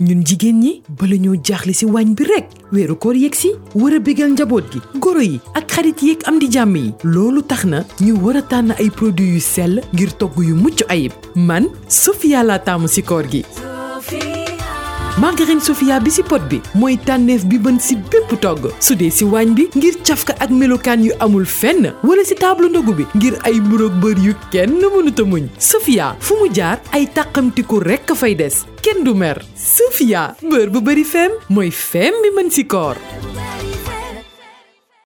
ñun jigéen ñi bala ñoo jaaxle si waañ bi rek weeru koor yegg si war a bégal njaboot gi goro yi ak xarit yeeg am di jàmm yi loolu tax na ñu war a tànn ay produits yu sell ngir togg yu mucc ayib man Sofia laa taamu si koor gi margarine Sofia bi ci pot bi mooy tànneef bi bën ci bépp togg su dee ci waañ bi ngir cafka ak melokaan yu amul fenn wala ci table ndogu bi ngir ay mburoog bër yu kenn mënuta muñ Sofia fu mu jaar ay tàqamtiku rekk fay des kenn du mer Sofia bër bu bari feem mooy feem bi mën ci koor